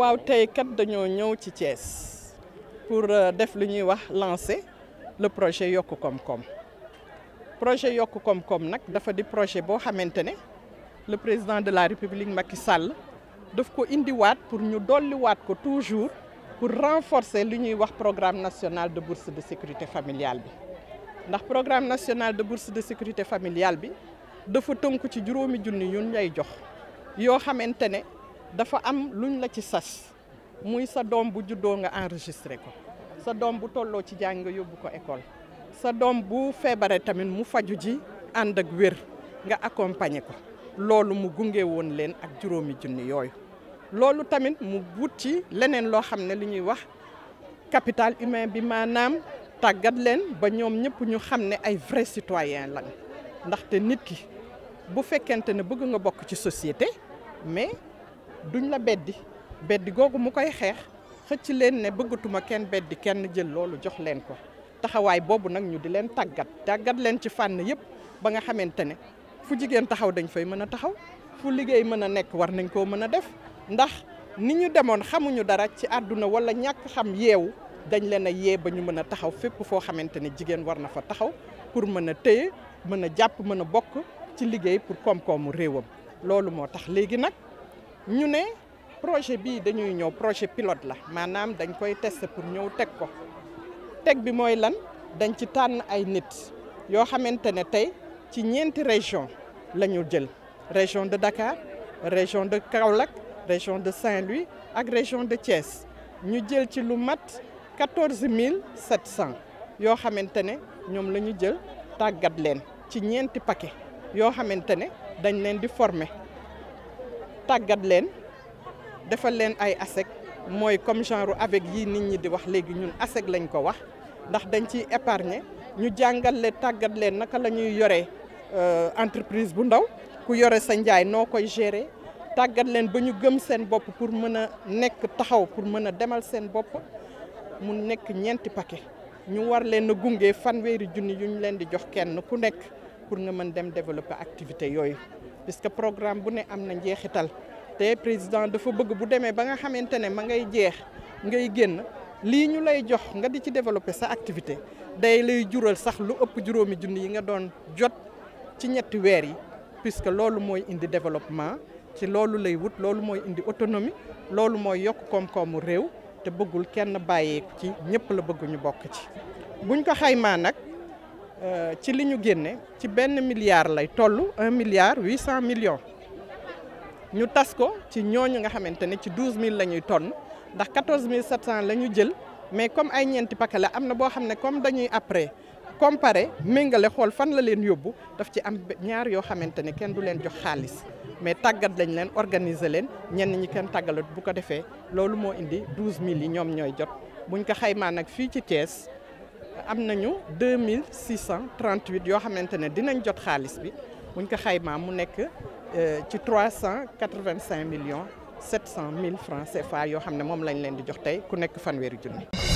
waaw nous pour euh, lancer le projet Yoko Komkom. Le projet Yoko Komkom Kom est projet qui a le président de la république Macky Sall daf pour nous donner toujours pour renforcer le programme national de bourse de sécurité familiale le programme national de bourse de sécurité familiale bi dafa tënku ci juróomi junni ñun ñay jox yoo xamante dafa am luñ la ci sas muy sa bu juddoo nga enregistré ko sa bu tolloo ci jàng nga yóbbu école sa bu feebaree tamit mu faju ji ànd ak ce nga accompagner ko loolu mu gunge le ak juromi junni yoy loolu tamit mu wuti lenen lo wax capital humain bi tàggat leen ba ñoom ñëpp ñu xam ne ay vrai citoyen lañ ndaxte nit ki bu fekkente ne bëgg nga bokk ci société mais duñ la beddi beddi googu mu koy xeex xëcc leen ne bëggatuma kenn beddi kenn jël loolu jox leen ko taxawaay boobu nag ñu di leen tàggat tàggat leen ci fànn yëpp ba nga xamante ne fu jigéen taxaw dañ fay mën a taxaw fu liggéey mën a nekk war nañ koo mën a def ndax ni ñu demoon xamuñu dara ci àdduna walla ñàkk xam yeewu dañ leen a yee ba ñu mën a taxaw fépp foo xamante ne jigéen war na fa taxaw pour mën a téye mën a jàpp mën a bokk ci liggéey pour koom-koomu réewam loolu moo tax léegi nag ñu ne projet bii dañuy ñëw projet pilote la maanaam dañ koy tester pour ñëw teg ko teg bi mooy lan dañ ci tànn ay nit yoo xamante ne tey ci ñeenti région la ñu jël région de Dakar région de Kaolack région de Saint-Louis ak région de Thiès ñu jël ci lu mat quatorze mille sept cent yoo xamante ne ñoom la ñu jël tàggat leen ci ñeenti pake yoo xamante ne dañ leen di former tàggat leen defal leen ay ASEC mooy comme genre avec yi nit ñi di wax léegi ñun ASEC lañ ko wax ndax dañ ciy épargner ñu jàngal leen tàggat leen naka la ñuy yoree euh, entreprise bu ndaw ku yore sa njaay noo koy gérer tàggat leen ba ñu gëm seen bopp pour mën a nekk taxaw pour mën a demal seen bopp mu nekk ñeenti paquet ñu war leen gunge fan weeri junni yu ñu leen di jox kenn ku nekk pour nga mën dem développer activité yooyu puisque programme bu ne am na njeexital te président dafa bëgg bu demee ba nga xamante ne ma ngay jeex ngay génn lii ñu lay jox nga di ci développer sa activité day lay jural sax lu ëpp juróomi junni yi nga doon jot ci ñetti weer yi puisque loolu mooy indi développement ci loolu lay wut loolu mooy indi autonomie loolu mooy yokk koom réew te bëggul kenn bàyyeeku ci ñëpp la bëgg ñu bokk ci buñ ko xaymaa nag euh, ci li ñu génne ci benn milliard lay toll un milliard huit cent millions ñu tas ko ci ñooñu nga xamante ne ci douze mille la ñuy tonn ndax quatorze mille sept cent la ñu jël mais comme ay ñeenti paquet la am na boo xam ne comme dañuy après comparé méngale xool fan la leen yóbbu daf ci am ñaar yoo xamante ne kenn du leen jox xaalis mais tàggat lañ leen organiser leen ñenn ñi kenn tàggalat bu ko defee loolu moo indi 12000 yi ñoom ñooy jot buñ ko xaymaa nag fii ci Thiès am nañu 2638 yoo xamante ne dinañ jot xaalis bi buñ ko xaymaa mu nekk euh, ci 385 millions 700 mille francs CFA yoo xam ne moom lañ leen di jox tey ku nekk fanweeri junni.